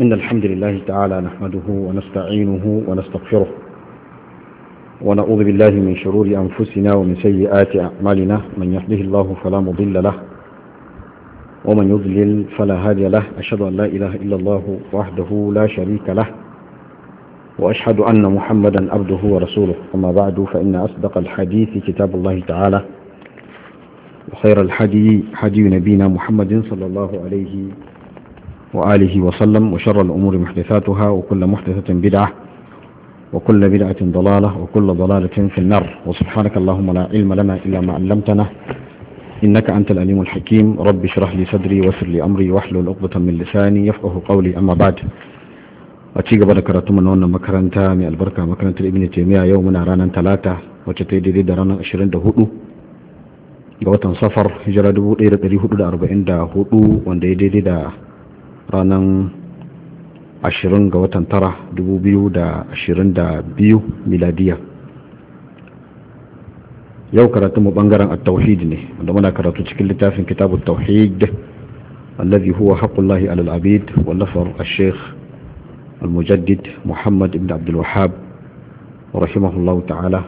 إن الحمد لله تعالى نحمده ونستعينه ونستغفره ونعوذ بالله من شرور أنفسنا ومن سيئات أعمالنا من يهده الله فلا مضل له ومن يضلل فلا هادي له أشهد أن لا إله إلا الله وحده لا شريك له وأشهد أن محمدا عبده ورسوله أما بعد فإن أصدق الحديث كتاب الله تعالى وخير الحدي حدي نبينا محمد صلى الله عليه وسلم وآله وسلم وشر الأمور محدثاتها وكل محدثة بدعة وكل بدعة ضلالة وكل ضلالة في النار وسبحانك اللهم لا علم لنا إلا ما علمتنا إنك أنت الأليم الحكيم رب اشرح لي صدري ويسر لي أمري واحلل عقدة من لساني يفقه قولي أما بعد a ci gaba da karatu mana wannan makaranta mai albarka makarantar ibn taymiya yau muna ranar talata wacce ta yi daidai da ranar 24 ga watan safar hijira 1444 wanda ya daidai da ranar 20 ga watan tara 2022 miladiya yau karatu mu bangaren at-tauhid ne wanda muna karatu cikin littafin kitabut tauhid haqqullahi هو حق الله على العبيد واللفر الشيخ المجدد محمد muhammad ibn الوهاب wahhab rahimahullahu ta'ala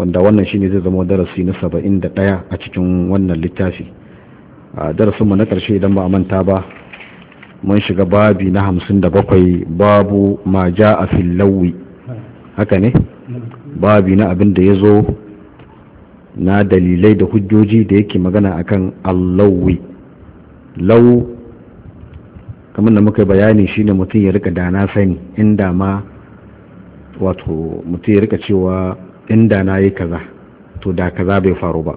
wanda wannan shine zai zama darasi na saba'in da ɗaya a cikin wannan littafi darasin mu na ƙarshe idan ba a manta ba mun shiga babi na hamsin da bakwai babu ma ja a fillawi haka ne babi na abin da ya zo na dalilai da hujjoji da yake magana akan allawi lau kamar da muka bayani shine mutum ya rika dana sani inda ma wato mutum ya rika cewa inda na yi kaza to da kaza bai faru ba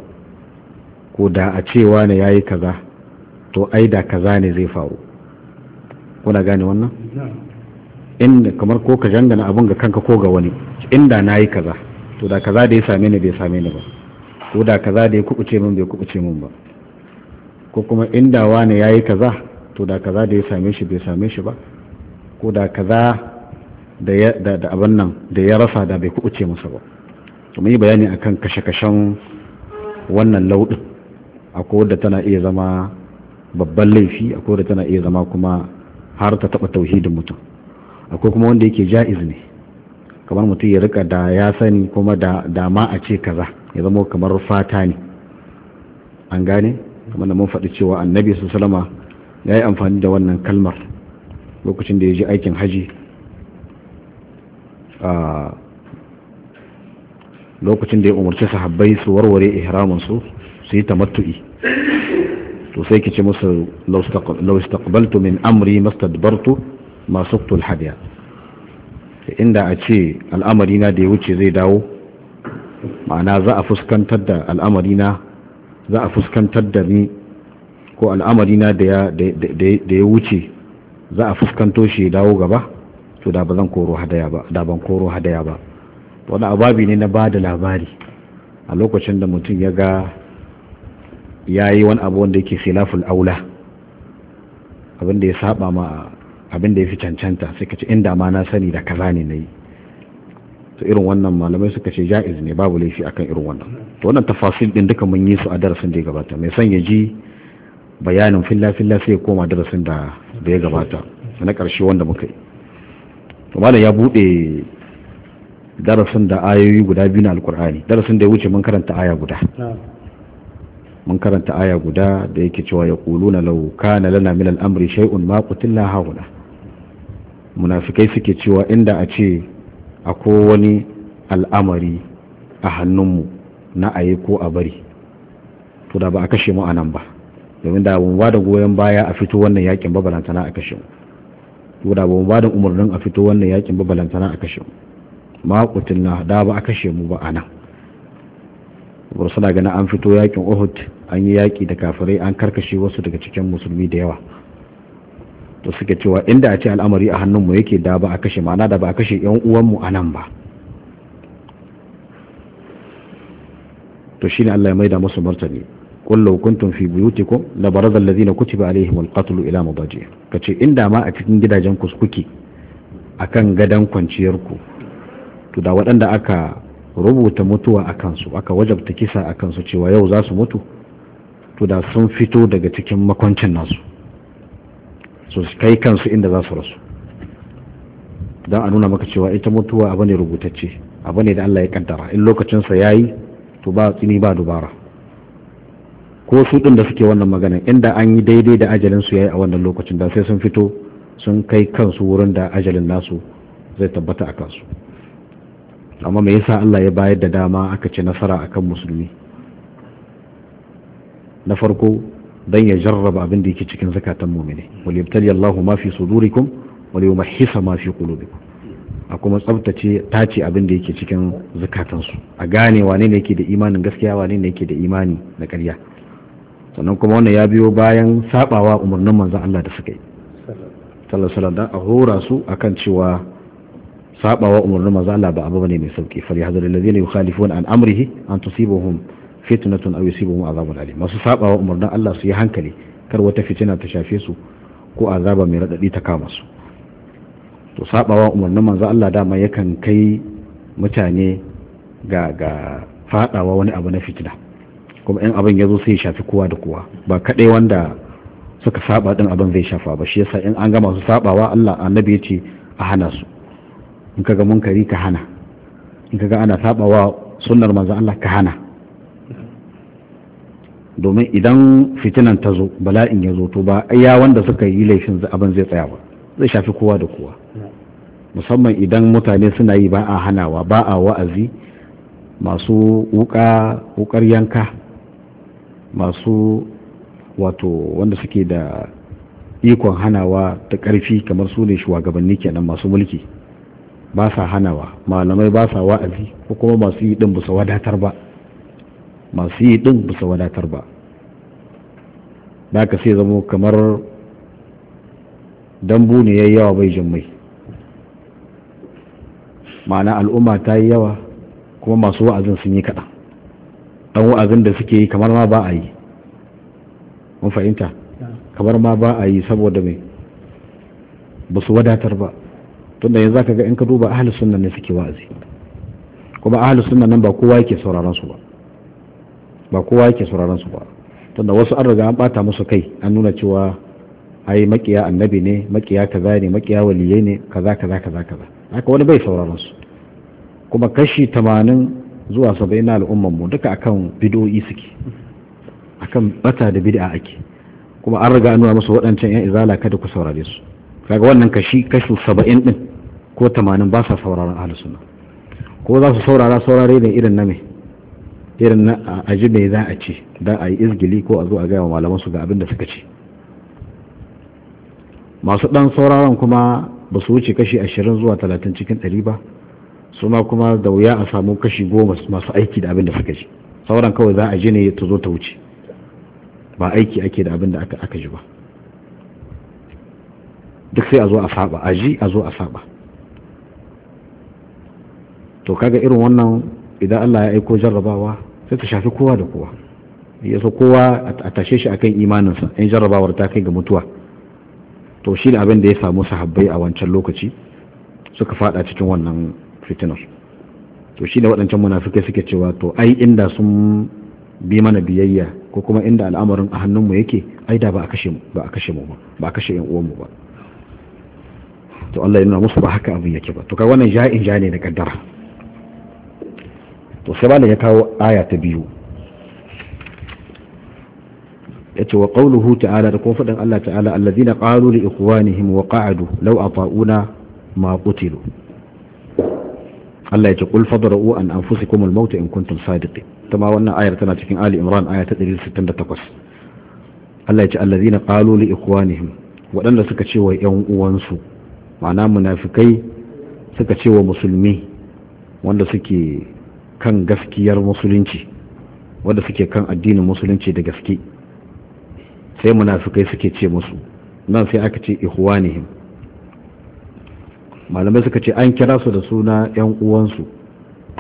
ko da a cewa ne ya yi kaza to ai da kaza ne zai faru kuna gane wannan inda kamar ko ka jangana abun ga kanka ko ga wani inda na yi kaza to da kaza da ya same ni bai same ni ba ko da kaza da ya kubuce min bai kubuce min ba ko kuma inda wani ya yi kaza to da kaza da ya same shi bai same shi ba ko da kaza da abin nan da ya rasa da bai kubuce masa ba to yi bayani akan kashe-kashen wannan lauɗin akwai wadda tana iya zama babban laifi akwai wadda tana iya zama kuma har ta taɓa tauhidin mutum akwai kuma wanda yake ja'iz ne kamar mutum ya rika da ya sani kuma da dama a ce kaza ya zama kamar fata ne an gane kamar da mun faɗi cewa annabi su salama ya yi amfani da wannan kalmar lokacin da ya ji aikin haji lokacin da ya umarci sahabbai su warware ihraminsu su yi tamattu'i to sai ki ce musu law istaqbaltu min amri mastadbartu ma suqtu alhadiya inda a ce al'amari na da ya wuce zai dawo ma'ana za a fuskantar da al'amari na za a fuskantar da ni ko al'amari na da ya wuce za a fuskanto shi dawo gaba to da ba zan koro hadaya ba da ban koro hadaya ba wani ababi ne na ba da labari a lokacin da mutum ya ga ya yi wani abu wanda yake khilaful aula abin da ya saba ma abin da ya fi cancanta sai ka ce inda ma na sani da kaza ne na yi to irin wannan malamai suka ce ja'iz ne babu laifi akan irin wannan to wannan tafasil din duka mun yi su a darasin da ya gabata mai son ya ji bayanin filla filla sai ya koma darasin da ya gabata na karshe wanda muka yi to malam ya bude darasin da ayoyi guda biyu na alkur'ani darasin da ya wuce mun karanta aya guda mun karanta aya guda da yake cewa ya kuluna lau kana lana min al'amri shay'un ma qutilna hauna munafikai suke cewa inda a ce akwai wani al'amari a hannunmu na aye ko a bari to da ba a kashe mu a nan ba domin da ban bada goyon baya a fito wannan yakin babalantana a kashe mu to da ban bada umarnin a fito wannan yakin babalantana a kashe mu ma qutilna da ba a kashe mu ba a nan wasu na ganin an fito yakin uhud an yi yaki da kafirai an karkashe wasu daga cikin musulmi da yawa to suke cewa inda a ce al'amari a hannunmu yake da ba a kashe ma'ana da ba a kashe yan uwanmu a nan ba to shine Allah ya maida musu martani qul kuntum fi buyutikum la baraza alladhina kutiba alaihim alqatl ila ka kace inda ma a cikin gidajen kuskuki kuke akan gadan kwanciyar ku to da waɗanda aka rubuta mutuwa a kansu aka wajabta kisa a kansu cewa yau za su mutu to da sun fito daga cikin makwancin nasu su kai kansu inda za su rasu don a nuna maka cewa ita mutuwa abu ne rubutacce abu ne da Allah ya kaddara in lokacinsa ya yi to ba tsini ba dubara ko su ɗin da suke wannan magana inda an yi daidai da ajalin su ya yi a wannan lokacin da sai sun fito sun kai kansu wurin da ajalin nasu zai tabbata a kansu amma me yasa Allah ya bayar da dama aka ci nasara akan musulmi na farko dan ya jarraba abin da yake cikin zakatan mu'mini wal yabtali Allahu ma fi sudurikum wal yumahhisa ma fi qulubikum a kuma tsabtace tace abin da yake cikin zakatansu a gane wane ne yake da imanin gaskiya wane ne yake da imani na karya sannan kuma wannan ya biyo bayan sabawa umarnin manzon Allah da suka yi sallallahu alaihi wasallam a hora su akan cewa sabawa umarnin manzo Allah ba abu bane mai sauki fal yahzar alladhina yukhalifuna an amrihi an tusibuhum fitnatun aw yusibuhum azabun alim masu sabawa umarnin Allah su yi hankali kar wata fitina ta shafe su ko azaba mai radadi ta kama su to sabawa umarnin manzo Allah dama yakan kai mutane ga ga fadawa wani abu na fitina kuma in abin ya zo sai ya shafi kowa da kowa ba kadai wanda suka saba din abin zai shafa ba shi yasa in an ga masu sabawa Allah annabi ya ce a hana su in kaga munkari ka hana in kaga ana saba wa sunnar manzo Allah ka hana domin idan fitinan ta zo bala'in ya zo to ba ya wanda suka yi laifin abin zai tsaya ba zai shafi kowa da kowa musamman idan mutane suna yi ba a hanawa ba a wa'azi masu wuka wukar yanka masu wato wanda suke da ikon hanawa ta ƙarfi kamar su ne shugabanni kenan masu mulki ba sa hanawa malamai ba sa wa'azi ko kuma masu yi din busa wadatar ba masu yi din busa wadatar ba da sai zamo kamar dambu ne ya yawa bai jin mai ma'ana al'umma ta yi yawa kuma masu wa'azin sun yi kaɗan ɗan wa'azin da suke yi kamar ma ba a yi mun fahimta kamar ma ba a yi saboda mai ba su wadatar ba tunda yanzu zaka ga in ka duba ahlus sunna ne suke wa'azi kuma ahlus sunna nan ba kowa yake sauraron su ba ba kowa yake sauraron su ba tunda wasu an riga an bata musu kai an nuna cewa ai makiya annabi ne makiya kaza ne makiya waliyai ne kaza kaza kaza kaza haka wani bai sauraron su kuma kashi tamanin zuwa 70 na al'umman mu duka akan bid'o'i suke akan bata da bid'a ake kuma an riga an nuna musu waɗancan yan izala kada ku saurare su kaga wannan kashi kashi saba'in din ko tamanin ba sa sauraron ahalus ko za su saurara saurare ne irin na me irin na aji me za a ci don a yi izgili ko a zo a gaya wa malaman su ga abin da suka ce masu dan sauraron kuma ba su wuce kashi ashirin zuwa talatin cikin dari ba su ma kuma da wuya a samu kashi goma masu aiki da abin da suka ji sauran kawai za a ji ne ta zo ta wuce ba aiki ake da abin da aka ji ba duk sai a zo a saba a ji a zo a saba to kaga irin wannan idan Allah ya aiko jarrabawa sai ta shafi kowa da kowa ya so kowa a tashe shi akan imaninsa in jarrabawar ta kai ga mutuwa to shi da abin da ya samu sahabbai a wancan lokaci suka fada cikin wannan fitinar to shi da waɗancan munafike suke cewa to ai inda sun bi mana biyayya ko kuma inda al'amarin a hannunmu yake ai da ba a kashe ba a kashe mu ba a kashe yan mu ba to Allah ya nuna musu ba haka abin yake ba to kai wannan ja'in ja ne da kaddara to sai malam ya kawo aya ta biyu yace wa qawluhu ta'ala da kuma fadan Allah ta'ala allazina qalu li ikhwanihim wa qa'adu law ata'una ma qutilu Allah yace qul fadra'u an anfusikum al-maut in kuntum sadiqin tama wannan ayar tana cikin Ali Imran aya ta 168 Allah yace allazina qalu li ikhwanihim waɗanda suka ce wa ƴan uwansu ma'ana munafikai suka ce wa musulmi wanda suke kan gaskiyar musulunci wanda suke kan addinin musulunci da gaske sai munafikai suke ce musu nan sai aka ce ihwanihim malamai suka ce an kira su da suna yan uwansu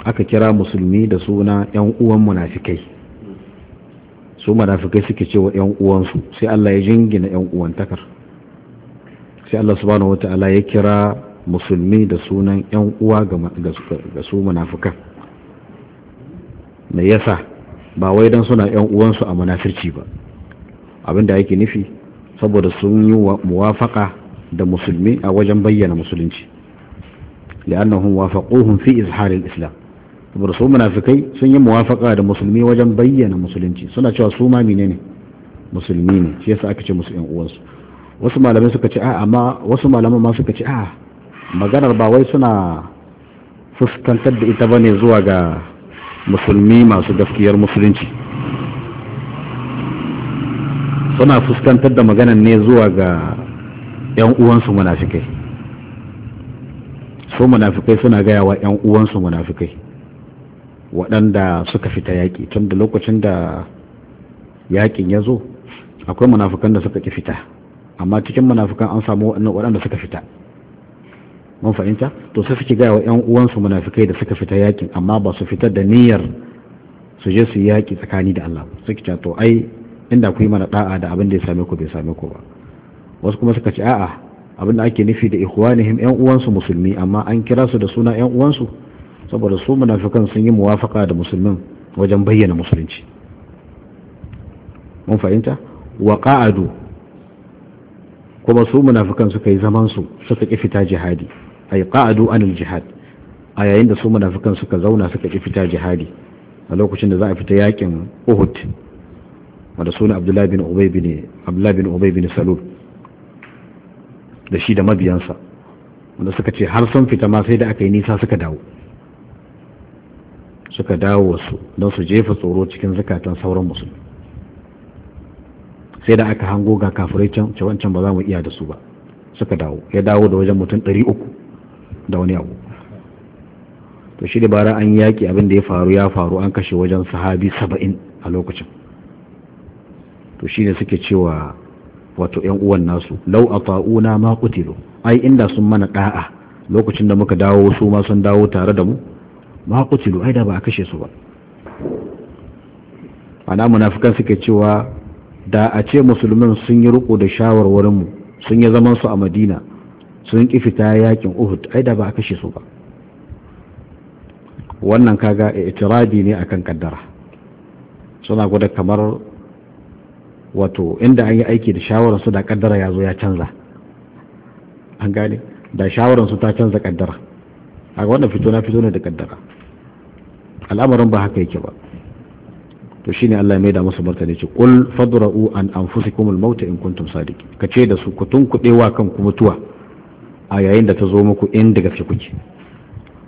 aka kira musulmi da suna yan uwan munafikai su munafikai suke cewa yan uwansu sai Allah ya jingina yan uwantakar sai Allah subhanahu wataala ya kira musulmi da sunan yan uwa ga su munafikan me yasa ba wai dan suna yan uwansu a munafirci ba abin da yake nufi saboda sun yi muwafaka da musulmi a wajen bayyana musulunci li'annahum wafaquhum fi izhar al-islam saboda su munafikai sun yi muwafaka da musulmi wajen bayyana musulunci suna cewa su ma menene musulmi ne shi yasa aka ce musu yan uwansu wasu malamai suka ce a'a amma wasu malaman ma suka ce a'a maganar ba wai suna fuskantar da ita bane zuwa ga musulmi masu gaskiyar musulunci suna fuskantar da maganan ne zuwa ga 'yan uwansu munafikai su munafikai suna gaya wa 'yan uwansu munafikai waɗanda suka fita yaƙi tun da lokacin da yaƙin ya zo akwai munafikan da suka ƙi fita amma cikin munafikan an samu waɗanda suka fita mun fahimta to sai suke gaya wa yan uwansu munafikai da suka fita yakin amma ba su fitar da niyyar su je su yaki tsakani da Allah suke cewa to ai inda ku yi mana da'a da abin da ya same ku bai same ku ba wasu kuma suka ce a'a abin da ake nufi da ikhwanihim yan uwansu musulmi amma an kira su da suna yan uwansu saboda su munafikan sun yi muwafaka da musulmin wajen bayyana musulunci mun fahimta wa qa'adu kuma su munafikan suka yi zaman su suka ki fita jihadi ay qa'adu anil jihad a yayin da su munafikan suka zauna suka ƙi fita jihadi a lokacin da za a fita yakin Uhud wanda sunan Abdullahi bin Ubay bin Abdullahi bin Ubay bin Salul da shi da mabiyansa wanda suka ce har sun fita ma sai da aka yi nisa suka dawo suka dawo wasu don su jefa tsoro cikin zakatan sauran musulmi sai da aka hango ga kafirai can wancan ba za mu iya da su ba suka dawo ya dawo da wajen mutum ɗari uku da wani abu to shi da bara an yaki abin da ya faru ya faru an kashe wajen sahabi saba'in a lokacin to shi ne suke cewa wato yan uwan nasu lau a fa'una ma kutilo ai inda sun mana da'a lokacin da muka dawo su ma sun dawo tare da mu ma kutilo ai da ba a kashe su ba ana munafukan suke cewa da a ce musulmin sun yi riko da shawarwarinmu sun yi zaman su a madina sun ƙi fita yakin uhud ai da ba a kashe su ba wannan kaga itirabi ne akan kaddara suna gwada kamar wato inda an yi aiki da shawararsu da kaddara ya zo ya canza an gane da shawararsu ta canza kaddara a wannan fito na fito ne da kaddara al'amarin ba haka yake ba to shine Allah mai da musu martani ce qul fadra'u an anfusikum al-maut in kuntum sadiqin kace da su ku tunkude wa kanku mutuwa a yayin da ta zo muku in daga fi kuke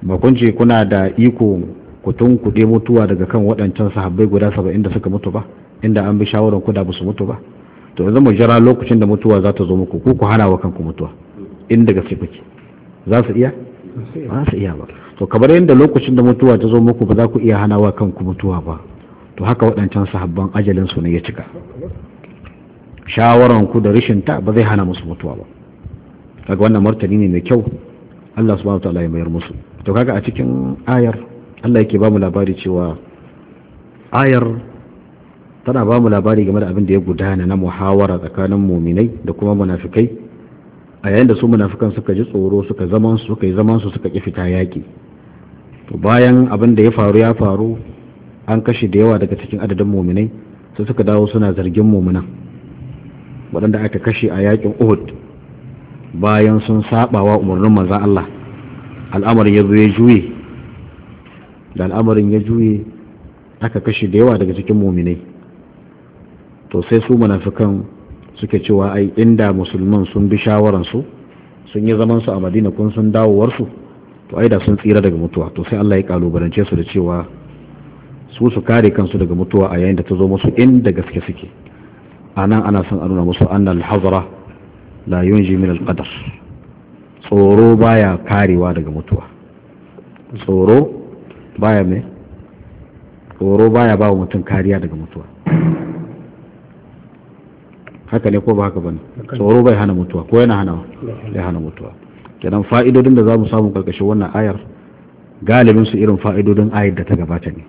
ba kun ce kuna da iko ku tunkuɗe mutuwa daga kan waɗancan sahabbai guda saba'in da suka mutu ba inda an bi shawarar ku da ba su mutu ba to yanzu mu jira lokacin da mutuwa za ta zo muku ku ku hana wa kanku mutuwa in daga fi kuke za su iya ba su iya ba to kamar yadda lokacin da mutuwa ta zo muku ba za ku iya hana wa kanku mutuwa ba to haka waɗancan sahabban ajalin su ne ya cika shawaran ku da rishin ta ba zai hana musu mutuwa ba kaga wannan martani ne mai kyau Allah subhanahu ta'ala ya mayar musu to kaga a cikin ayar Allah yake ba mu labari cewa ayar tana ba mu labari game da abin da ya gudana na muhawara tsakanin muminai da kuma munafikai a yayin da su munafikan suka ji tsoro suka zaman su suka yi zaman su suka ki fita yaki to bayan abin da ya faru ya faru an kashe da yawa daga cikin adadin muminai sai suka dawo suna zargin mumina waɗanda aka kashe a yakin Uhud bayan sun saba wa umarnin manzan Allah al'amarin ya zo ya juye da al'amarin ya juye aka kashe da yawa daga cikin muminai to sai su munafikan suke cewa ai inda musulman sun bi shawaransu sun yi zamansu a madina kun sun dawowarsu to ai da sun tsira daga mutuwa to sai Allah ya kalubalance su da cewa su su kare kansu daga mutuwa a yayin da ta zo musu inda gaske suke anan ana son a nuna musu annal hazara la yunji min alqadar tsoro baya karewa daga mutuwa tsoro baya mai tsoro baya ba mutum kariya daga mutuwa haka ne ko ba haka bane tsoro bai hana mutuwa ko yana hana ya hana mutuwa kenan fa'idodin da za mu samu karkashin wannan ayar galibin su irin fa'idodin ayar da ta gabata ne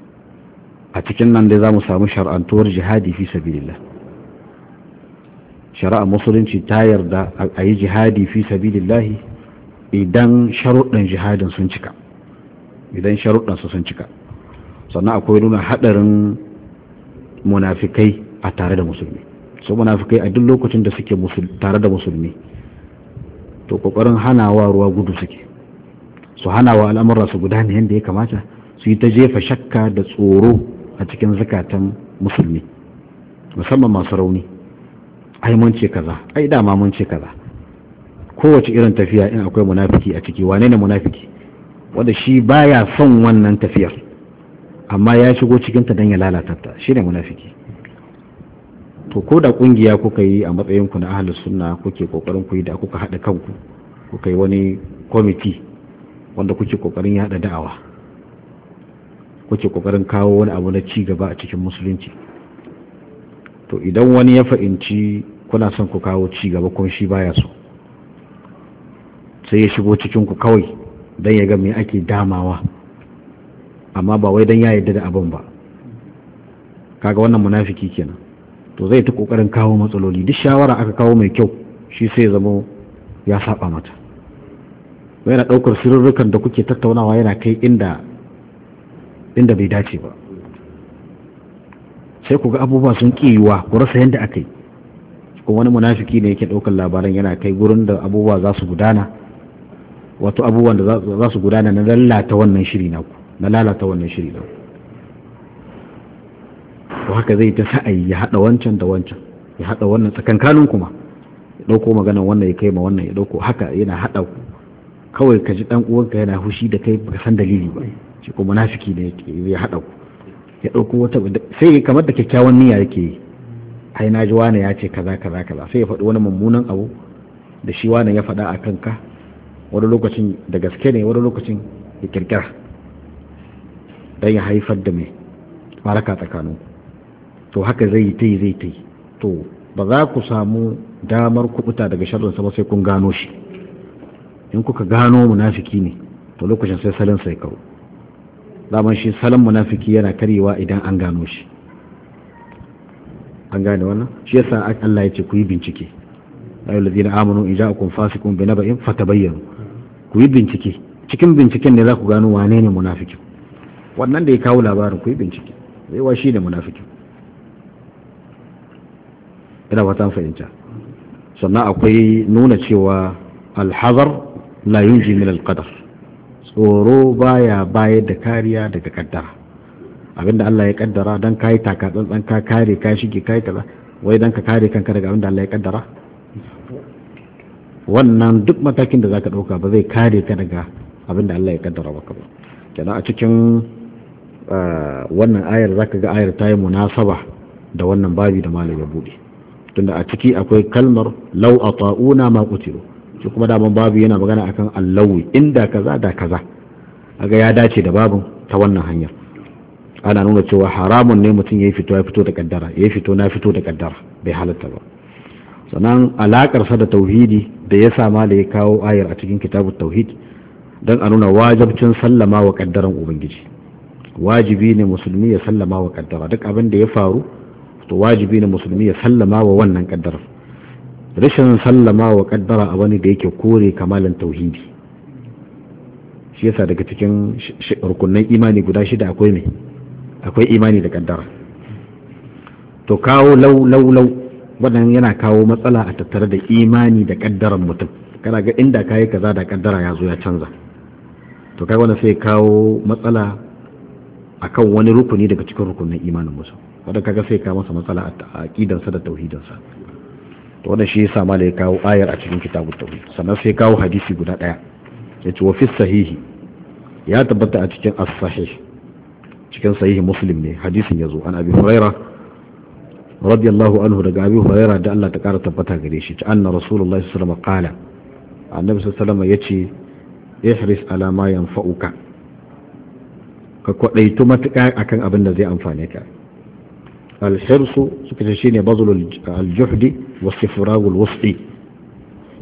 a cikin nan dai za mu samu shar'antuwar jihadi fi sabilillah shari'a musulunci ta yarda a yi jihadi fi sabilillahi idan sharuɗin jihadin sun cika idan sharuɗin su sun cika sannan akwai nuna haɗarin munafikai a tare da musulmi su munafikai a duk lokacin da suke tare da musulmi to kokarin hanawa ruwa gudu suke su hanawa al'amura su guda ne yadda ya kamata su yi ta jefa shakka da tsoro a cikin zukatan musulmi musamman masu rauni ai mun ce kaza ai dama mun ce kaza kowace irin tafiya in akwai munafiki a ciki wane ne munafiki wanda shi baya son wannan tafiyar amma ya shigo cikin ta don ya lalata ta shine munafiki to ko da kungiya kuka yi a matsayin ku na ahlus sunna kuke kokarin ku yi da kuka hada kanku kuka yi wani kwamiti wanda kuke kokarin ya hada da'awa kuke kokarin kawo wani abu na ci gaba a cikin musulunci to idan wani ya fa'inci kuna son ku kawo ci gaba kuma shi baya so sai ya shigo cikin ku kawai don ya ga me ake damawa amma ba wai don ya yarda da abin ba kaga wannan munafiki kenan to zai ta kokarin kawo matsaloli duk shawara aka kawo mai kyau shi sai zama ya saba mata yana daukar sirrukan da kuke tattaunawa yana kai inda inda bai dace ba sai ku ga abubuwa sun kiyuwa ku rasa yadda aka yi ko wani munafiki ne yake daukar labaran yana kai gurin da abubuwa za su gudana wato abubuwan da za su gudana na lalata wannan shiri na ku na lalata wannan shiri na ku haka zai ta sa'ayi ya haɗa wancan da wancan ya haɗa wannan tsakankanin kuma ya ɗauko magana wannan ya kai ma wannan ya ɗauko haka yana haɗa ku kawai ka ji ɗan uwanka yana hushi da kai ba san dalili ba shi ko munafiki ne ya haɗa ku ya ɗauko wata sai kamar da kyakkyawan niyya yake yi ai na ji wane ya ce kaza kaza kaza sai ya faɗi wani mummunan abu da shi wane ya faɗa a kanka wani lokacin da gaske ne wani lokacin ya kirkira don ya haifar da mai maraka tsakanin to haka zai yi ta yi zai ta yi to ba za ku samu damar kubuta daga sharrinsa ba sai kun gano shi in kuka gano munafiki ne to lokacin sai salon sai kawo daman shi salon munafiki yana karyewa idan an gano shi an gane wannan shi yasa Allah ya ce ku yi bincike ayu ladina amanu in ja'akum fasiqun bi naba'in fatabayyanu ku yi bincike cikin binciken ne za ku gano wane ne munafiki wannan da ya kawo labarin ku yi bincike sai wa shi ne munafiki ina fatan fahimta sannan akwai nuna cewa alhazar la yunji min alqadar tsoro baya bayar da kariya daga kaddara abinda Allah ya kaddara dan kai taka tsantsan ka kare ka shige kai kaza wai dan ka kare kanka daga abinda Allah ya kaddara wannan duk matakin da zaka dauka ba zai kare ka daga abinda Allah ya kaddara maka ba kenan a cikin ah, wannan ayar zaka ga ayar ta yi munasaba da wannan babi da malam ya bude tunda a ciki akwai kalmar law ata'una ma qutilu shi kuma daman babu yana magana akan allawi inda kaza da kaza aga ya dace da babu ta wannan hanyar ana nuna cewa haramun ne mutum ya fito ya fito da kaddara ya fito na fito da kaddara bai halatta ba sannan alakarsa da tauhidi da ya sa da ya kawo ayar a cikin kitabun tauhid don a nuna wajabcin sallama wa kaddaran ubangiji wajibi ne musulmi ya sallama wa kaddara duk abin da ya faru to wajibi ne musulmi ya sallama wa wannan kaddara rashin sallama wa kaddara a wani da yake kore kamalan tauhidi shi yasa daga cikin rukunnan imani guda shida akwai mai akwai imani da kaddara to kawo lau lau lau wannan yana kawo matsala a tattare da imani da kaddaran mutum kana ga inda kayi kaza da kaddara ya zo ya canza to kai wannan sai kawo matsala akan wani rukuni daga cikin rukunin imanin musu wanda kaga sai ka masa matsala a aqidansa da tauhidansa to wannan shi yasa malai kawo ayar a cikin kitabut tauhid sannan sai kawo hadisi guda daya yace wa fi sahihi ya tabbata a cikin as-sahih cikin sahihi muslim ne hadisin yazo an abi huraira radiyallahu anhu daga abi huraira da Allah ta kara tabbata gare shi ta anna rasulullahi sallallahu alaihi wasallam qala annabi sallallahu alaihi wasallam yace ihris ala ma yanfa'uka ka kwadaitu matuƙa akan abin da zai amfane ka alhirsu suka ce shine bazlul aljuhdi wasifragul wusti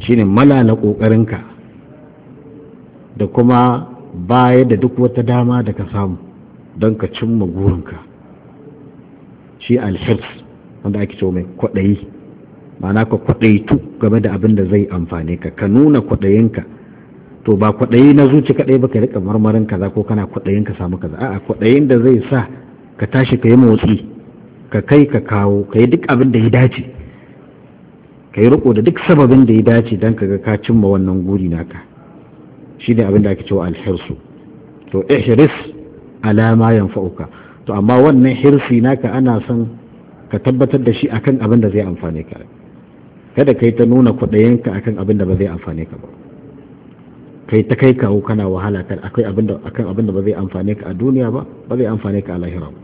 shine malala kokarinka da kuma baya da duk wata dama da ka samu don ka cimma burinka shi alhirs wanda ake cewa mai kwaɗayi ma'ana ka kwaɗayi tu game da abin da zai amfani ka ka nuna kwaɗayinka to ba kwaɗayi na zuci kaɗai ba ka riƙa marmarin kaza ko kana kwaɗayin ka samu kaza a'a kwaɗayin da zai sa ka tashi ka yi motsi ka kai ka kawo ka yi duk abin da ya dace ka yi riko da duk sababin da ya dace don ka ga ka cimma wannan guri naka shi ne abin da ake cewa alhirsu to ihris alama fa'uka to amma wannan hirsi naka ana son ka tabbatar da shi akan abin da zai amfane ka kada kai ta nuna kudayenka akan abin da ba zai amfane ka ba kai ta kai kawo kana wahala kan akwai abin da akan abin da ba zai amfane ka a duniya ba ba zai amfane ka a lahira ba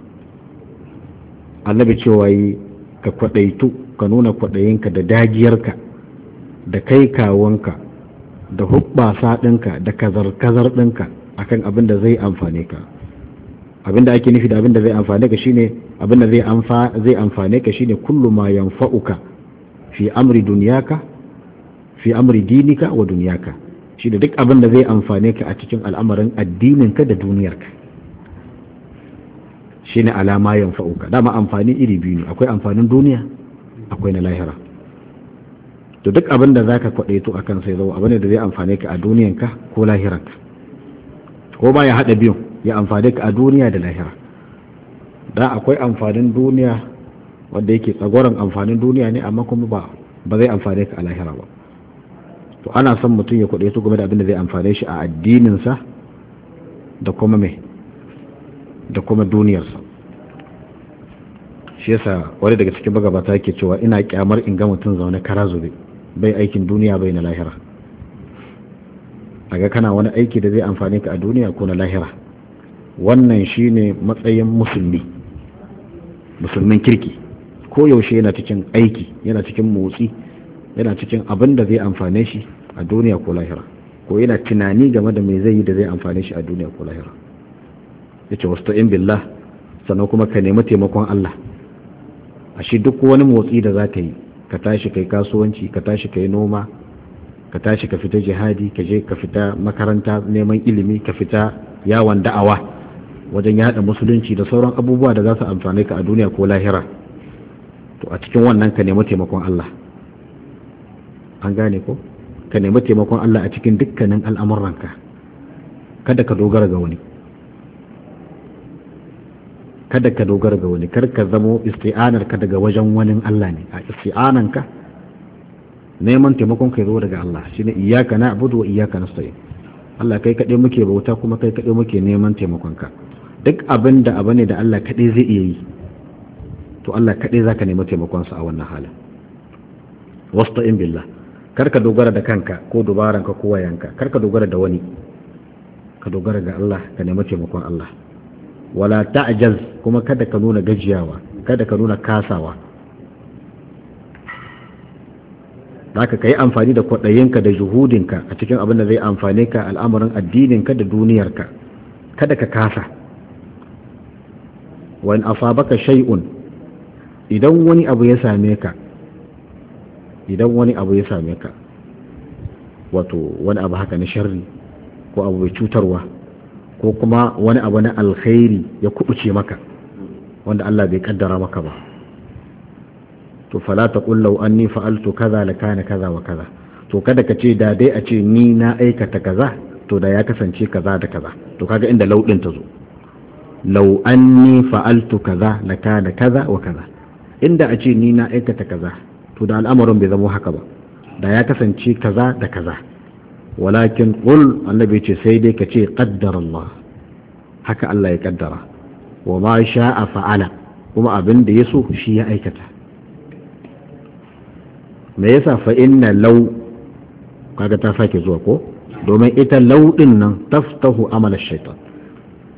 annabi cewa yi ka kwadaitu ka nuna kwadayinka da dagiyarka da kai kawonka da hubbasa ɗinka da kazar-kazar ɗinka akan abin da zai amfane ka abinda ake nufi da abinda zai amfane ka shine abinda zai amfa zai amfane ka shine kullu ma yanfa'uka fi amri dunyaka fi amri dinika wa dunyaka shine duk abinda zai amfane ka a cikin al'amarin addinin ka da duniyarka shine alama yanfa'uka dama amfani iri biyu ne akwai amfanin duniya akwai na lahira to duk abin da zaka kwadaito akan sai zo abin da zai amfane ka a duniyanka ko lahiranka ko ba ya hada biyun ya amfani ka a duniya da lahira da akwai amfanin duniya wanda yake tsagoran amfanin duniya ne amma kuma ba ba zai amfane ka a lahira ba to ana son mutum ya kuɗe su game da abin da zai amfane shi a addininsa da kuma me da kuma duniyarsa shi yasa wani daga cikin bagabata yake cewa ina kyamar in ga mutum zaune kara zube bai aikin duniya bai na lahira a ga kana wani aiki da zai amfane ka a duniya ko na lahira wannan shine matsayin musulmi musulmin kirki ko yaushe yana cikin aiki yana cikin motsi yana cikin abin da zai amfane shi a duniya ko lahira ko yana tunani game da mai zai yi da zai amfane shi a duniya ko lahira wasu ta'in billah sannan kuma ka nemi taimakon Allah a shi duk wani motsi da za ka yi ka tashi kai kasuwanci ka tashi kai noma ka tashi ka fita jihadi ka je ka fita makaranta neman ilimi ka fita yawon da'awa wajen yada musulunci da sauran abubuwa da za su amfane ka a duniya ko lahira to a cikin wannan ka nemi taimakon Allah an gane ko ka nemi taimakon Allah a cikin dukkanin al'amuranka kada ka dogara ga wani kada ka dogara ga wani kar ka zamo isti'anar ka daga wajen wani Allah ne a isti'anan ka neman taimakon ka zo daga Allah shine iyyaka na'budu wa iyyaka nasta'in Allah kai kaɗai muke bauta kuma kai kaɗai muke neman taimakon ka duk abin da abu ne da Allah kaɗai zai iya yi to Allah kaɗai za ka nemi taimakonsa a wannan halin wasta in billah kar ka dogara da kanka ko ka ko wayanka kar ka dogara da wani ka dogara ga Allah ka nemi taimakon Allah wala ta'jaz kuma kada ka nuna gajiyawa kada ka nuna kasawa zaka kai amfani da kwaɗayinka da juhudinka a cikin abin da zai amfane ka al'amarin addininka da duniyarka kada ka kasa wani asabaka shay'un idan wani abu ya same ka idan wani abu ya same ka wato wani abu haka na sharri ko abu mai cutarwa ko kuma wani abu na alkhairi ya kubuce maka wanda Allah bai kaddara maka ba to fala ta kullau anni fa'altu kaza la kana kaza wa kaza to kada ka ce da dai a ce ni na aikata kaza to da ya kasance kaza da kaza to kaga inda laudin ta zo lau fa'altu kaza la da kaza wa kaza inda a ce ni na aikata kaza to da al'amarin bai zama haka ba da ya kasance kaza da kaza walakin qul annabi ce sai dai ka ce qaddara Allah haka Allah ya kaddara wa ma sha'a fa'ala kuma abin da ya so shi ya aikata me yasa fa inna lau kaga ta sake zuwa ko domin ita lau din nan taftahu amal shaitan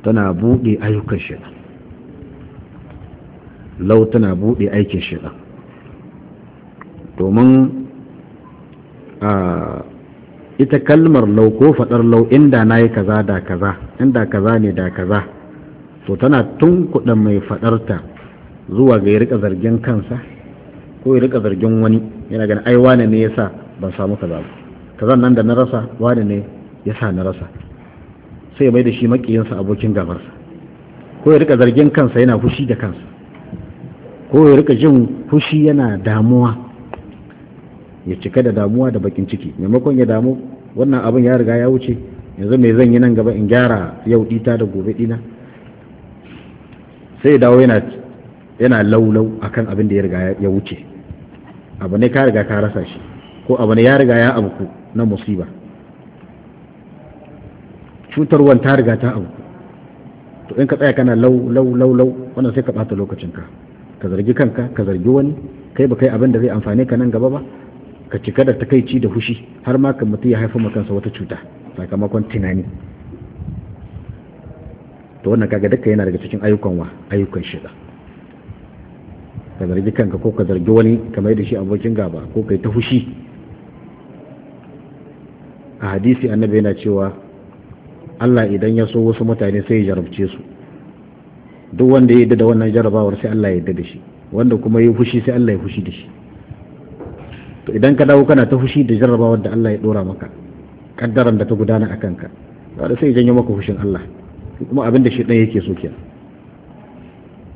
tana buɗe ayyukan lau tana buɗe aikin shaitan domin ita kalmar lau ko faɗar lau inda na yi kaza da kaza inda kaza ne da kaza to tana tun kuɗin mai faɗarta zuwa ga ya rika zargin kansa ko ya rika zargin wani yana gani, ai wane ne ya sa ban samu kaza ba kaza nan da na rasa wane ne ya sa na rasa sai ya mai da shi makiyinsa abokin gabarsa ko ya rika zargin kansa yana fushi da kansa ko ya rika jin fushi yana damuwa ya cika da damuwa da bakin ciki maimakon ya damu wannan abin ya riga ya wuce yanzu mai zan yi nan gaba in gyara yau dita da gobe dina sai dawo yana yana laulau akan abin da ya riga ya wuce abu ne ka riga ka rasa shi ko abu ne ya riga ya ku na musiba cutarwan ta riga ta abu to in ka tsaya kana lau lau lau lau wannan sai ka bata lokacinka ka zargi kanka ka zargi wani kai ba kai abin da zai amfane ka nan gaba ba ka cika da takaici da hushi har ma ka mutu ya haifa ma kansa wata cuta sakamakon tunani to wannan kaga duka yana daga cikin ayyukan wa ayyukan shida ka zargi kanka ko ka zargi wani kamar da shi abokin gaba ko kai ta hushi a hadisi annabi yana cewa Allah idan ya so wasu mutane sai ya jarabce su duk wanda ya yi da wannan jarabawar sai Allah ya yarda da shi wanda kuma ya fushi sai Allah ya fushi da shi to idan ka dawo kana ta fushi da jarabawar da Allah ya dora maka kaddaran da ta gudana a kanka wanda sai ya janyo maka fushin Allah kuma abin da shi dan yake so kenan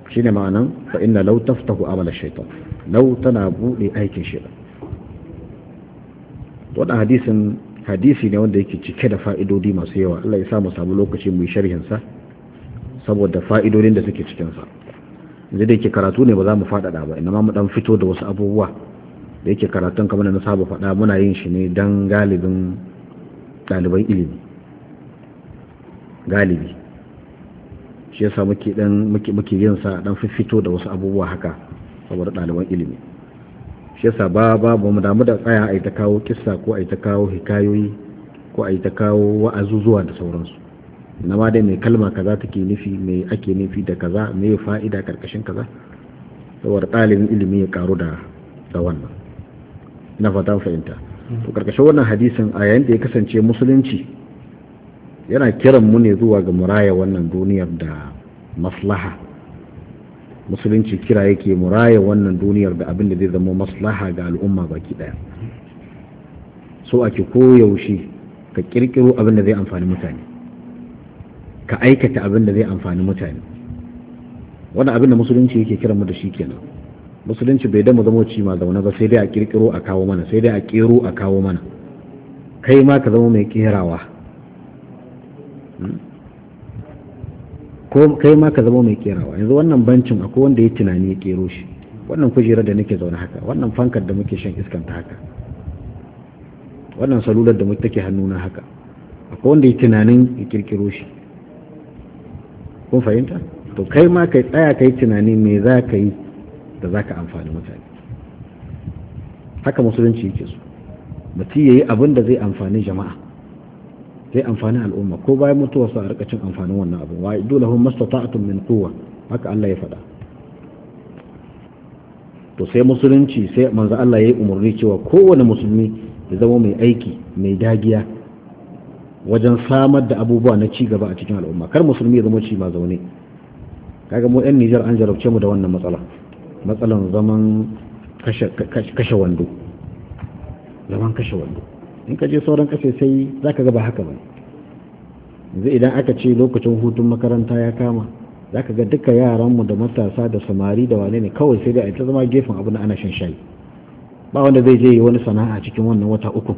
shine ma'anan fa inna law taftahu amala shaytan law tana bude aikin to da hadisin hadisi ne wanda yake cike da fa'idodi masu yawa Allah ya sa mu samu lokaci mu yi sharhin sa saboda fa'idodin da suke cikin sa yanzu da yake karatu ne ba za mu faɗaɗa ba inama mu dan fito da wasu abubuwa da yake karatun kamar da na saba faɗa muna yin shi ne dan galibin ɗaliban ilimi galibi shi yasa muke muke yin sa dan fito da wasu abubuwa haka saboda ɗaliban ilimi shi yasa ba ba mu damu da tsaya a yi ta kawo kissa ko a yi ta kawo hikayoyi ko a yi ta kawo wa'azu zuwa da sauransu na ma dai mai kalma kaza take nufi mai ake nufi da kaza mai fa'ida karkashin kaza saboda ɗalibin ilimi ya karu da da wannan na fata fahimta to karkashin wannan hadisin a yayin da ya kasance musulunci yana kiran mu ne zuwa ga muraya wannan duniyar da maslaha musulunci kira yake muraya wannan duniyar da abin da zai zama maslaha ga al'umma baki daya so ake koyaushe ka kirkiro abin da zai amfani mutane ka aikata abin da zai amfani mutane wannan abin da musulunci yake kiran mu da shi kenan musulunci bai damu zama ci ma zaune ba sai dai a kirkiro a kawo mana sai dai a kero a kawo mana kai ma ka zama mai kerawa ko kai ma ka zama mai kerawa yanzu wannan bancin akwai wanda ya tunani ya kero shi wannan kujerar da nake zaune haka wannan fankar da muke shan iskan ta haka wannan salular da take hannuna haka akwai wanda ya tunanin ya kirkiro shi kun fahimta to kai ma kai tsaya kai tunani me za ka yi da za ka amfani mutane haka musulunci yake so mutum ya yi abin da zai amfani jama'a zai amfanin al'umma ko bayan mutuwa su a rika cin amfanin wannan abu wa dole hum mastata'atun min quwwa haka Allah ya faɗa to sai musulunci sai manzo Allah ya yi umarni cewa kowane musulmi ya zama mai aiki mai dagiya wajen samar da abubuwa na ci gaba a cikin al'umma kar musulmi ya zama ci ma zaune kaga mu yan Nijar an jarabce mu da wannan matsala matsalan zaman kashe wando zaman kashe wando in ka je sauran kashe sai za ka gaba haka ba yanzu idan aka ce lokacin hutun makaranta ya kama za ka ga duka yaranmu da matasa da samari da wane ne kawai sai dai a ta zama gefen abu na ana shan shayi ba wanda zai je yi wani sana'a cikin wannan wata uku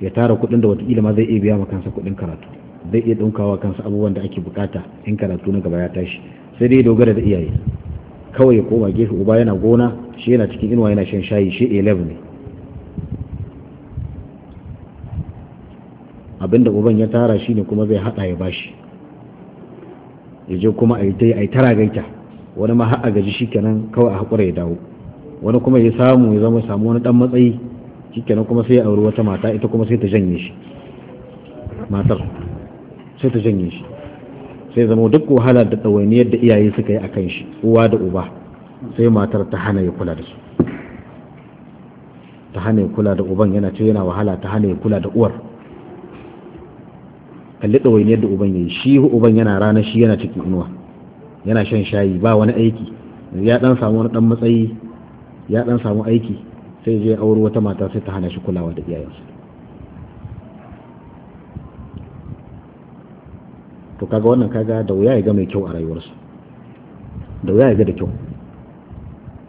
ya tara kuɗin da watakila ma zai iya biya ma kansa kuɗin karatu zai iya ɗinkawa kansa abubuwan da ake bukata in karatu na gaba ya tashi sai dai dogara da iyaye kawai ya koma gefe uba yana gona shi yana cikin inuwa yana shan shayi shi 11 ne abinda uban ya tara shi ne kuma zai haɗa ya bashi ya je kuma a yi tara gaita wani ma har a gaji shi kenan kawai a haƙura ya dawo wani kuma ya samu ya zama samu wani ɗan matsayi shi kenan kuma sai ya auri wata mata ita kuma sai ta janye shi matar sai ta janye shi sai zama duk wahala da ɗawainiyar da iyaye suka yi a kan shi uwa da uba sai matar ta hana ya kula da su ta hana ya kula da uban yana ce yana wahala ta hana ya kula da uwar kalli ɗawain yadda uban ya yi shi uban yana rana shi yana cikin inuwa yana shan shayi ba wani aiki ya dan samu wani dan matsayi ya dan samu aiki sai je auri wata mata sai ta hana shi kulawa da iyayensa to kaga wannan kaga da wuya ya ga mai kyau a rayuwarsa da wuya ya ga da kyau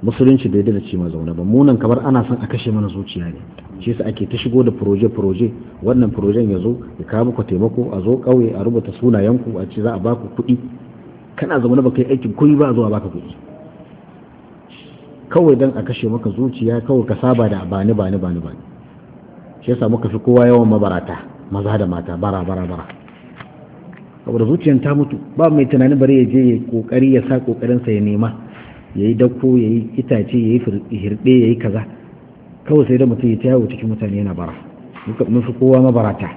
musulunci da ya da ci mazauna ba munan kamar ana son a kashe mana zuciya ne shi sa ake ta shigo da proje-proje wannan projen ya zo ya kawo muku taimako a zo kauye a rubuta sunayenku a ce za a baku kuɗi kana zaune baka yi aikin kuɗi ba a zo a baka kuɗi kawai dan a kashe maka zuciya kawai ka saba da bani bani bani bani shi yasa muka fi kowa yawan mabarata maza da mata bara bara bara saboda zuciyar ta mutu ba mai tunanin bari ya je ya kokari ya sa sa ya nema ya yi dakko ya yi itace ya yi hirɗe ya yi kaza kawai sai da mutum ya ta yawo cikin mutane yana bara mun fi kowa mabarata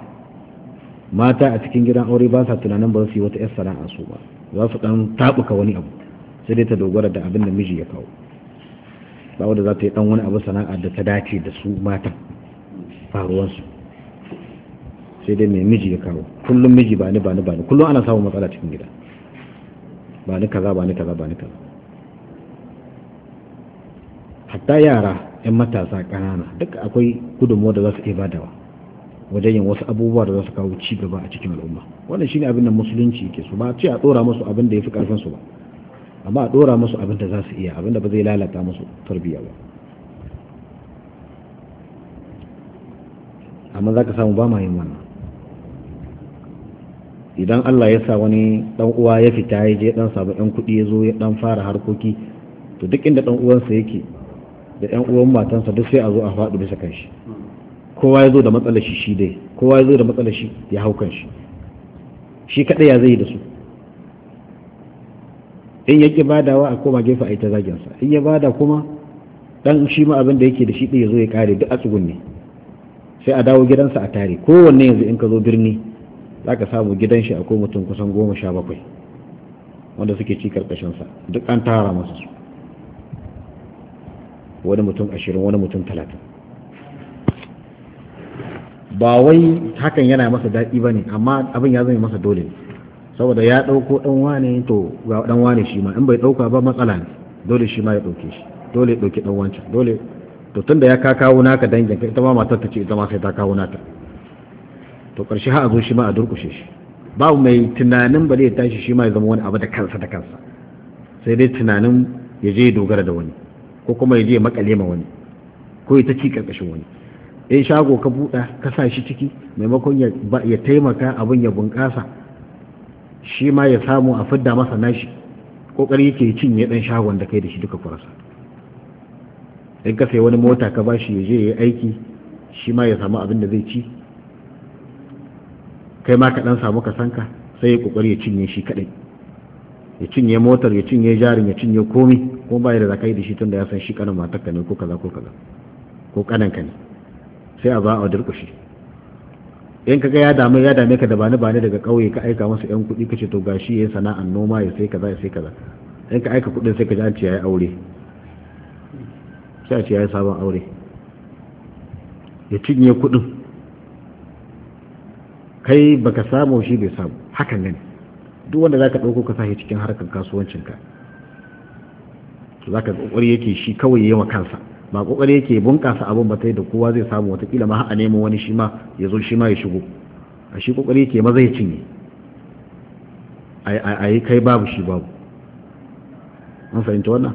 mata a cikin gidan aure ba sa tunanin ba su yi wata 'yar sana'a su ba za su dan tabuka wani abu sai dai ta dogara da abin da miji ya kawo ba wanda za ta yi dan wani abu sana'a da ta dace da su matan faruwansu sai dai mai miji ya kawo kullum miji ba ni ba ni ba ni kullum ana samun matsala cikin gida ba ni kaza ba ni kaza ba ni kaza hatta yara 'yan matasa ƙanana duk akwai gudunmuwa da za su iya badawa wajen yin wasu abubuwa da za su kawo ci gaba a cikin al'umma wannan shine abin da musulunci ke su ba ce a ɗora musu abin da ya fi ƙarfin su ba amma a ɗora musu abin da za su iya abin da ba zai lalata musu tarbiyya ba amma za ka samu ba ma yin wannan idan Allah ya sa wani dan uwa ya fita ya je dan samu ɗan kuɗi ya zo ya dan fara harkoki to duk inda dan uwansa yake da yan uwan matansa duk sai a zo a faɗi bisa kan kowa ya zo da matsalar shi shi dai kowa ya zo da matsalar shi ya hau kan shi shi kaɗai ya zai da su in ya ƙi badawa a koma gefe a yi ta zagensa in ya bada kuma dan shi ma abin da yake da shi ya zo ya kare duk a ne sai a dawo gidansa a tare kowanne yanzu in ka zo birni za ka samu gidan shi akwai mutum kusan goma sha bakwai wanda suke ci karkashinsa duk an tara masa su wani mutum ashirin wani mutum talatin ba wai hakan yana masa daɗi ba ne amma abin ya zama masa dole saboda ya ɗauko ɗan wane to ga ɗan wane shi ma in bai ɗauka ba matsala ne dole shi ma ya ɗauke shi dole ya ɗauki ɗan wancan dole to tun da ya ka kawo naka dangin ka ita ma matar ta ce ita ma sai ta kawo nata to ƙarshe har a zo shi ma a durƙushe shi babu mai tunanin ba zai tashi shi ma ya zama wani abu da kansa da kansa sai dai tunanin ya je ya dogara da wani ko kuma ya je makale ma wani ko ya ta ci karkashin wani in shago ka buɗa ka sa shi ciki maimakon ya taimaka abin ya bunƙasa shi ma ya samu a fidda masa nashi kokari yake cinye ɗan shagon da kai da shi duka kurasa in ka sai wani mota ka ba shi ya je ya yi aiki shi ma ya samu abin da zai ci kai ma ka ɗan samu ka sanka sai ya kokari ya cinye shi kaɗai ya cinye motar ya cinye jarin ya cinye komi ko bai da zakai da shi tunda ya san shi kanin matarka ne ko kaza ko kaza ko ka ne sai a ba a durkushi in kaga ya dame ya dame ka da bani bani daga kauye ka aika masa yan kuɗi kace to gashi yayin sana'an noma ya sai kaza ya sai kaza in ka aika kuɗin sai ka ji an ce yayi aure sai a ce yayi sabon aure ya cinye kuɗin kai baka samu shi bai samu hakan ne duk wanda ka ɗauko ka shi cikin harkar kasuwancinka za ka ƙoƙari yake shi kawai yawa kansa ba ƙoƙari yake bunkasa abin ba ta da kowa zai samu watakila ma a nemo wani shi ma ya zo shi ma ya shigo a shi ƙoƙari yake maza ya cinye a yi kai babu shi babu an fahimta wannan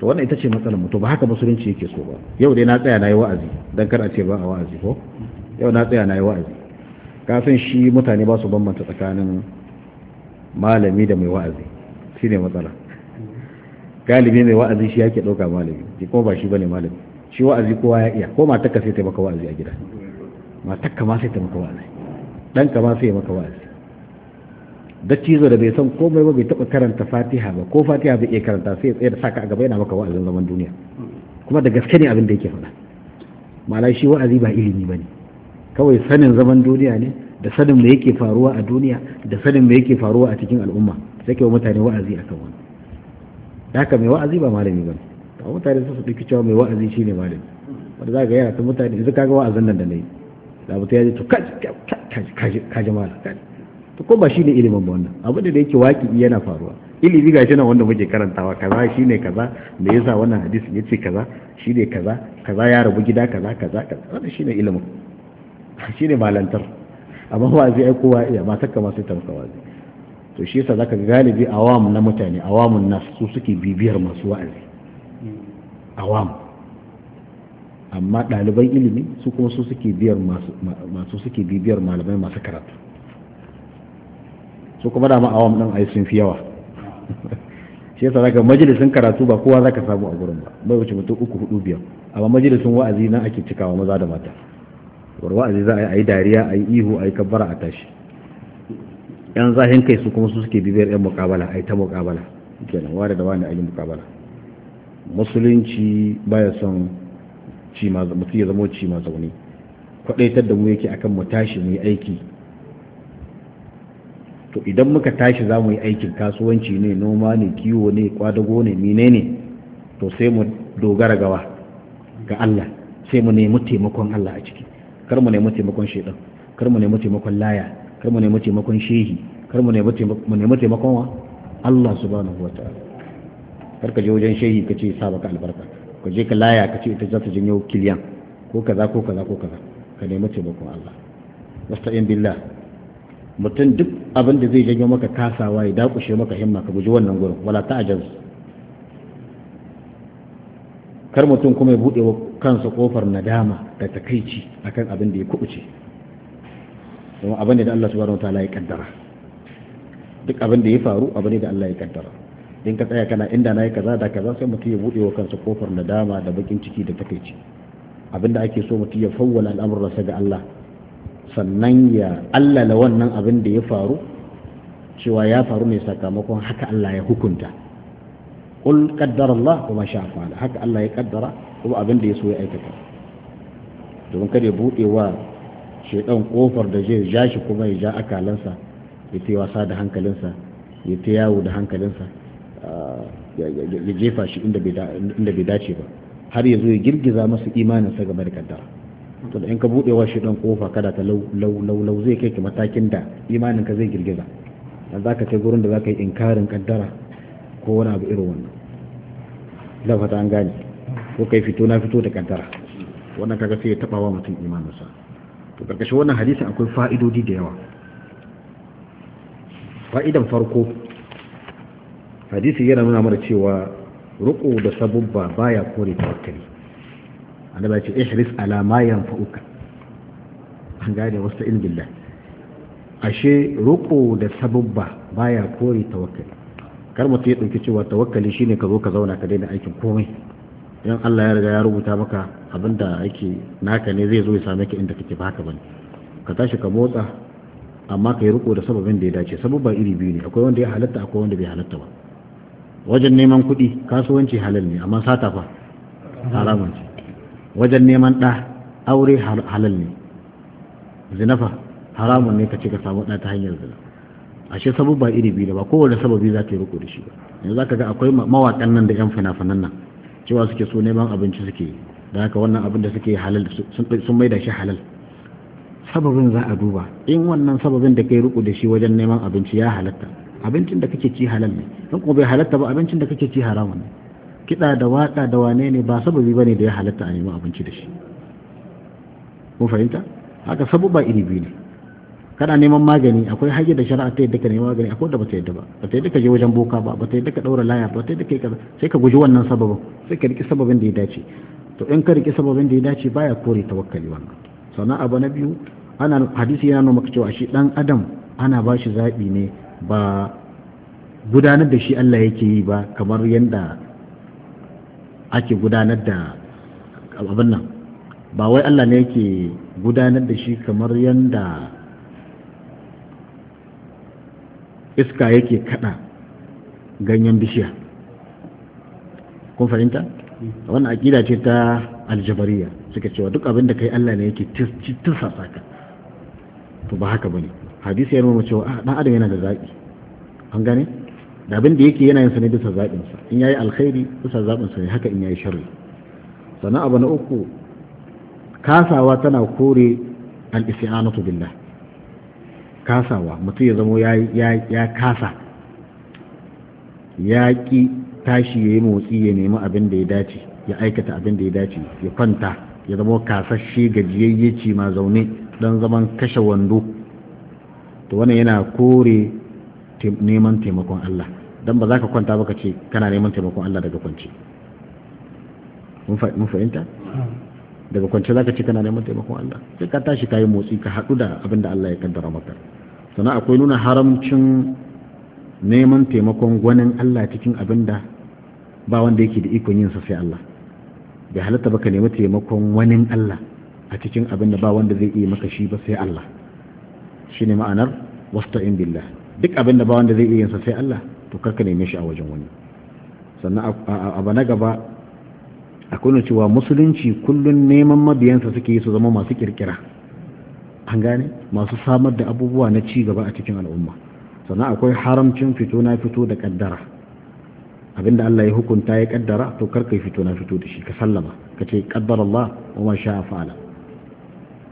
to wannan ita ce matsalar mutum ba haka musulunci yake so ba yau dai na tsaya na yi wa'azi don kar a ce ba a wa'azi ko yau na tsaya na yi wa'azi kafin shi mutane ba su bambanta tsakanin malami da mai wa'azi shi ne matsala galibi mai wa'azi shi yake ɗauka malami shi kuma ba shi bane malami shi wa'azi kowa ya iya ko matakka sai ta maka wa'azi a gida matakka ma sai ta maka wa'azi ɗanka ma sai maka wa'azi dattizo da bai san komai ba bai taɓa karanta fatiha ba ko fatiha bai iya karanta sai ya tsaye da saka a gaba yana maka wa'azin zaman duniya kuma da gaske ne abin da yake faɗa malai shi wa'azi ba ilimi ba ne kawai sanin zaman duniya ne da sanin me yake faruwa a duniya da sanin me yake faruwa a cikin al'umma sai kai mutane wa'azi akan wani haka mai wa'azi ba malami ba ba mutane su su ɗauki cewa mai wa'azi shine malami wanda za ka yana ta mutane yanzu kaga wa'azin nan da nayi da mutane ya ji to kaji mala kaji to ko ba shine ilimin ba wannan abin da yake waki yana faruwa ilimi gashi nan wanda muke karantawa kaza shine kaza me yasa wannan ya yace kaza shine kaza kaza ya rabu gida kaza kaza kaza wannan shine ilimin shine malantar amma zai ai kowa iya ba takka ma sai ta maka wazi to shi yasa zaka galibi awam na mutane awamun nas su suke bibiyar masu wa'azi awam amma ɗaliban ilimi su kuma su suke biyar masu suke bibiyar malamai masu karatu su kuma dama awam ɗin ai sun fi yawa shi yasa zaka majalisun karatu ba kowa zaka samu a gurin ba bai wuce mutum uku hudu biyar amma majalisun wa'azi nan ake cikawa maza da mata warwazi za a yi a yi dariya a yi ihu a yi kabbara a tashi yan zahin kai su kuma su suke bibiyar yan mukabala a yi ta mukabala kenan ware da wani a yi mukabala musulunci baya son mutum ya zama ci ma zaune kwadaitar da mu yake akan mu tashi mu yi aiki to idan muka tashi za mu yi aikin kasuwanci ne noma ne kiwo ne kwadago ne mine ne to sai mu dogara gawa ga Allah sai mu nemi taimakon Allah a ciki kar mu nemi taimakon shaidan kar mu nemi taimakon laya kar mu nemi taimakon shehi kar mu nemi taimakon wa Allah subhanahu wa ta'ala kar ka je wajen shehi ka ce sa baka albarka ka je ka laya ka ce ita za ta janyo kiliyan ko kaza ko kaza ko kaza ka nemi taimakon Allah wasta'in billah mutum duk abin da zai janyo maka kasawa ya dakushe maka himma ka guji wannan gurin wala ta'ajaz kar mutum kuma ya buɗe kansa kofar nadama da takaici akan abin da ya kubuce kuma abin da Allah subhanahu wa ta'ala ya kaddara duk abin da ya faru abin da Allah ya kaddara in ka tsaya kana inda na yi kaza da kaza sai mutum ya buɗe kansa kofar nadama da bakin ciki da takaici abin da ake so mutum ya fawwala al'amuransa ga Allah sannan ya allala wannan abin da ya faru cewa ya faru ne sakamakon haka Allah ya hukunta kul qaddara Allah wa ma haka Allah ya kaddara kuma abin da ya so ya aikata domin kada ya bude wa shedan kofar da zai ja shi kuma ya ja akalansa ya ta wasa da hankalinsa ya ta yawo da hankalinsa ya jefa shi inda bai dace ba har ya zo ya girgiza masa imaninsa game da kaddara to da in ka buɗewa shaiɗan kofa kada ta lau lau lau zai kai ki matakin da imaninka zai girgiza dan zaka kai gurin da zaka yi inkarin kaddara ko wani abu irin wannan lafata fata an gane ko kai fito na fito da kaddara wannan kaga sai ya taba wa mutum imaninsa to karkashin wannan hadisin akwai fa'idodi da yawa fa'idan farko hadisi yana nuna mana cewa ruku da sabubba baya kore tawakkali annabi ya ce ihris ala ma yanfa'uka an gane wasta in billah ashe ruku da sabubba baya kore tawakkali kar mutum ya ɗauki cewa tawakkali shine ka zo ka zauna ka daina aikin komai idan Allah ya riga ya rubuta maka abin da ake naka ne zai zo ya same ka inda kake ba haka bane ka tashi ka motsa amma ka yi riko da sababin da ya dace ba iri biyu ne akwai wanda ya halatta akwai wanda bai halatta ba wajen neman kuɗi kasuwanci halal ne amma sata fa haramun ce wajen neman ɗa aure halal ne zinafa haramun ne ka ce ka samu ɗa ta hanyar zina ashe sabubba iri biyu da ba kowane sababi za ta yi da shi ba yanzu za ka ga akwai mawaƙan nan da 'yan fina-finan nan cewa suke so neman abinci suke yi da haka wannan abin da suke halal sun mai da shi halal sababin za a duba in wannan sababin da kai riko da shi wajen neman abinci ya halatta abincin da kake ci halal ne in kuma bai halatta ba abincin da kake ci haramun ne kiɗa da waƙa da wane ne ba sababi bane da ya halatta a neman abinci da shi mun fahimta haka sabubba iri biyu ne kana neman magani akwai hanyar da shari'a ta yadda ka neman magani akwai da bata yadda ba bata yadda ka je wajen boka ba bata yadda ka daura laya ba bata yadda kai kaza sai ka guji wannan sababin sai ka riki sababin da ya dace to in ka riki sababin da ya dace baya kore tawakkali wannan sannan abu na biyu ana hadisi yana nuna maka cewa shi dan adam ana ba shi zaɓi ne ba gudanar da shi Allah yake yi ba kamar yadda ake gudanar da abin nan ba wai Allah ne yake gudanar da shi kamar yadda iska yake kada ganyen bishiya kun fahimta wannan akida ce ta aljabariya suka cewa duk abinda da kai Allah ne yake tilsa ka, to ba haka bane hadisi ya nuna cewa dan ah, adam yana da zaki an gane da abin da yake yana yin sa ne bisa sa in yayi alkhairi bisa zabin sa ne haka in yayi sharri sannan abu na uku kasawa tana kore al-isti'anatu billah kasawa mutum ya zama ya kasa ya ƙi tashi ya yi motsi ya nemi abin da ya dace ya aikata abin da ya dace ya kwanta ya zama kasashe gajiyayye ce ma zaune don zaman kashe wando to wannan yana kore neman taimakon Allah don ba za ka kwanta ba ka ce kana neman taimakon Allah daga kwanci mun fahimta? daga kwance ka ci kana neman taimakon Allah sai ka tashi kayi motsi ka haɗu da abin da Allah ya kaddara maka sannan akwai nuna haramcin neman taimakon gwanin Allah cikin abin da ba wanda yake da ikon yin sa sai Allah bai halatta baka nemi taimakon wani Allah a cikin abin da ba wanda zai iya maka shi ba sai Allah shi ne ma'anar in billah duk abin da ba wanda zai iya yin sa sai Allah to karka neme shi a wajen wani sannan abu na gaba a kuna cewa musulunci kullum neman mabiyansa suke yi su zama masu kirkira an gane masu samar da abubuwa na ci gaba a cikin al'umma sannan akwai haramcin fito na fito da kaddara abinda Allah ya hukunta ya kaddara to kar kai fito na fito da shi ka sallama ka ce kaddara Allah wa ma sha fa'ala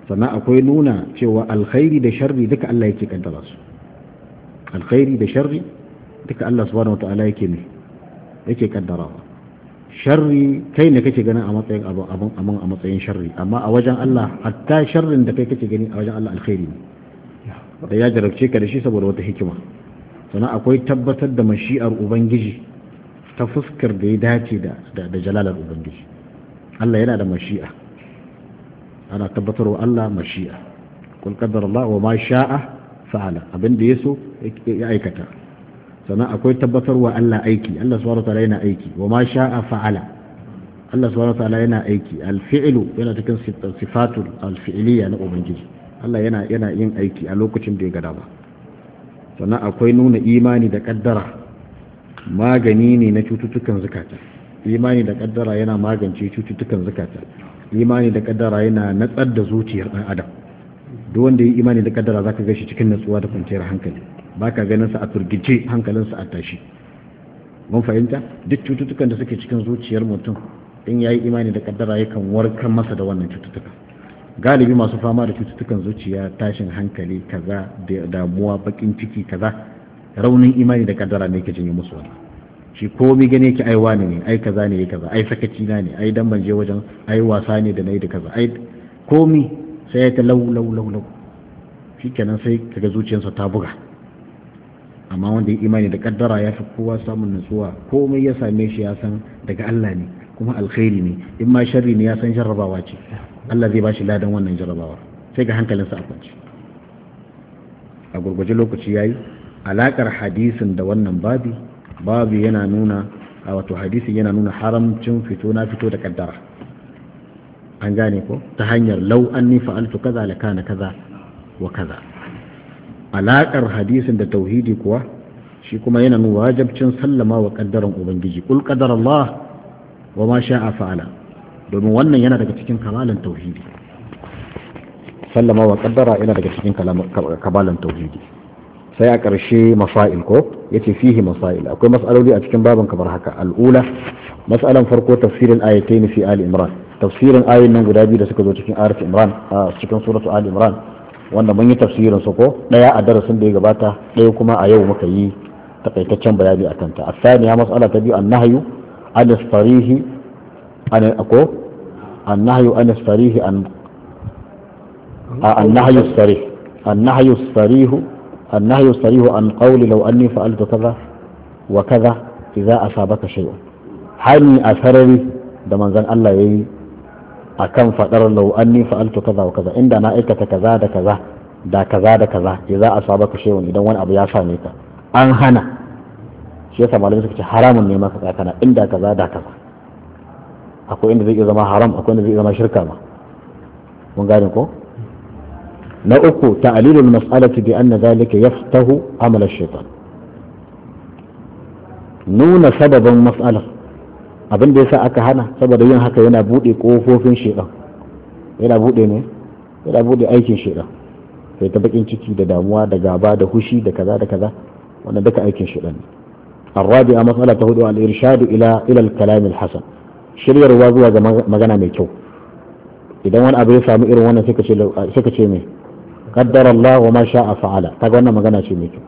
sannan akwai nuna cewa alkhairi da sharri duka Allah yake kaddara su alkhairi da sharri duka Allah subhanahu wa ta'ala yake ne yake kaddarawa sharri kai ne kake ganin a matsayin abin a matsayin sharri amma a wajen Allah hatta sharrin da kai kake gani a wajen Allah alkhairi ne da ya jarabce ka da shi saboda wata hikima sannan akwai tabbatar da mashi'ar ubangiji ta fuskar da ya dace da da jalalar ubangiji Allah yana da mashi'a ana tabbatar wa Allah mashi'a qul qaddara Allah wa ma sha'a fa'ala abin da yaso ya aikata sannan akwai tabbatarwa Allah aiki Allah subhanahu ta'ala yana aiki wa ma sha'a fa'ala Allah subhanahu ta'ala yana aiki al-fi'lu yana cikin sifatul al-fi'liya na ubangiji Allah yana yana yin aiki a lokacin da ya ga dama sannan akwai nuna imani da kaddara magani ne na cututtukan zakata imani da kaddara yana magance cututtukan zakata imani da kaddara yana natsar da zuciyar dan adam duk wanda ya imani da kaddara zaka ga shi cikin natsuwa da kwanciyar hankali ba ka ganin su a turgice hankalinsa a tashi mun fahimta duk cututtukan da suke cikin zuciyar mutum in yi imani da kaddara yakan warkar masa da wannan cututtuka galibi masu fama da cututtukan zuciya tashin hankali kaza damuwa bakin ciki kaza raunin imani da kaddara ne yake janyo musu wannan shi komi gane ki ai wani ne ai kaza ne kaza ai sakaci na ne ai dan banje wajen ai wasa ne da nayi da kaza ai komi sai ya ta lau lau lau lau shikenan sai kaga zuciyarsa ta buga amma wanda ya imani da kaddara ya fi kowa samun nutsuwa komai ya same shi ya san daga Allah ne kuma alkhairi ne in ma sharri ne ya san jarrabawa ce Allah zai bashi ladan wannan jarrabawa sai ga hankalinsa a kwance a gurguje lokaci yayi alakar hadisin da wannan babi babi yana nuna a wato hadisin yana nuna haramcin fito na fito da kaddara an gane ko ta hanyar lau an ni fa'altu kaza la kana kaza wa kaza alaƙar hadisin da tauhidi kuwa shi kuma yana nuna wajabcin sallama wa ƙaddaran ubangiji kul ƙaddar Allah wa ma sha'a fa'ala domin wannan yana daga cikin kamalan tauhidi sallama wa ƙaddara yana daga cikin kamalan tauhidi sai a ƙarshe masail ko ya ce fihi masail akwai mas'aloli a cikin baban kamar haka al'ula mas'alan farko tafsirin ayatain fi ali imran tafsirin ayin nan guda biyu da suka zo cikin ayat imran cikin suratu ali imran wanda mun yi tafsirin su ko daya a darasin da ya gabata daya kuma a yau muka yi takaitaccen bayani a kanta a saniya mas'ala ta biyu annahyu an istarihi an ako annahyu an istarihi an annahyu sarih annahyu sarih annahyu sarih an qawli law anni fa'altu kaza wa kaza idza asabaka shay'un hani a sarari da manzon Allah yayi akan fadar lau anni fa'altu kaza wa kaza inda na aikata kaza da kaza da kaza da kaza ya za a saba ka shehun idan wani abu ya same ka an hana shi yasa malamai suka ce haramun ne maka tsakana inda kaza da kaza akwai inda zai zama haram akwai inda zai zama shirka ma mun gane ko na uku ta'lilul mas'alati bi anna zalika yaftahu amal ash-shaytan nuna sababin mas'alar abin da yasa aka hana saboda yin haka yana buɗe ƙofofin shedan yana buɗe ne yana buɗe aikin shedan sai ta bakin ciki da damuwa da gaba da hushi da kaza da kaza wannan duka aikin shedan ne الرابعة مسألة هدوء الإرشاد إلى إلى hasan shiryarwa zuwa ga magana mai kyau idan wani abu ya samu irin wannan sai ka ce mai kaddar Allah wa ma sha'a fa'ala kaga wannan magana ce mai kyau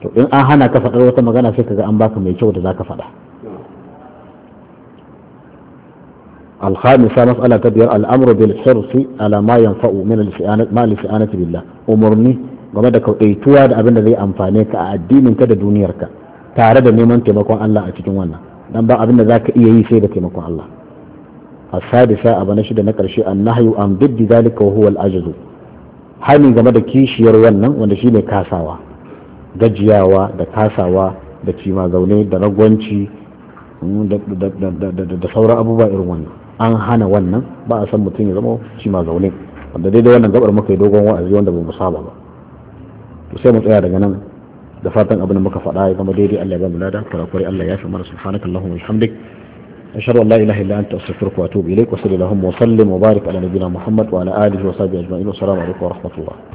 to in an hana ka faɗar wata magana sai kaga an baka mai kyau da zaka faɗa الخامسة مسألة تبير الأمر بالحرص على ما ينفع من الاستعانة ما الاستعانة بالله أمرني game da kauɗaituwa da abinda zai amfani ka a addininka da duniyarka tare da neman taimakon Allah a cikin wannan dan ba abin da zaka iya yi sai da taimakon Allah as-sadisa abu na shida na karshe an-nahyu an biddi zalika wa huwa al-ajzu hani game da kishiyar wannan wanda shine kasawa gajiyawa da kasawa da cima da ragwanci da sauran abubuwa irin wannan an hana wannan ba a san mutum ya zama shi ma zaune wanda daidai wannan gabar muka yi dogon wa'azi wanda ba mu saba ba to sai mu tsaya daga nan da fatan abin da muka faɗa ya zama daidai Allah ya ba mu lada kurakuri Allah ya fi mara subhanakallahumma wa bihamdik ashhadu an la ilaha illa anta astaghfiruka wa atubu ilaik wa sallallahu wa sallim wa barik ala nabiyyina muhammad wa ala alihi wa sahbihi ajma'in wa assalamu alaikum wa rahmatullah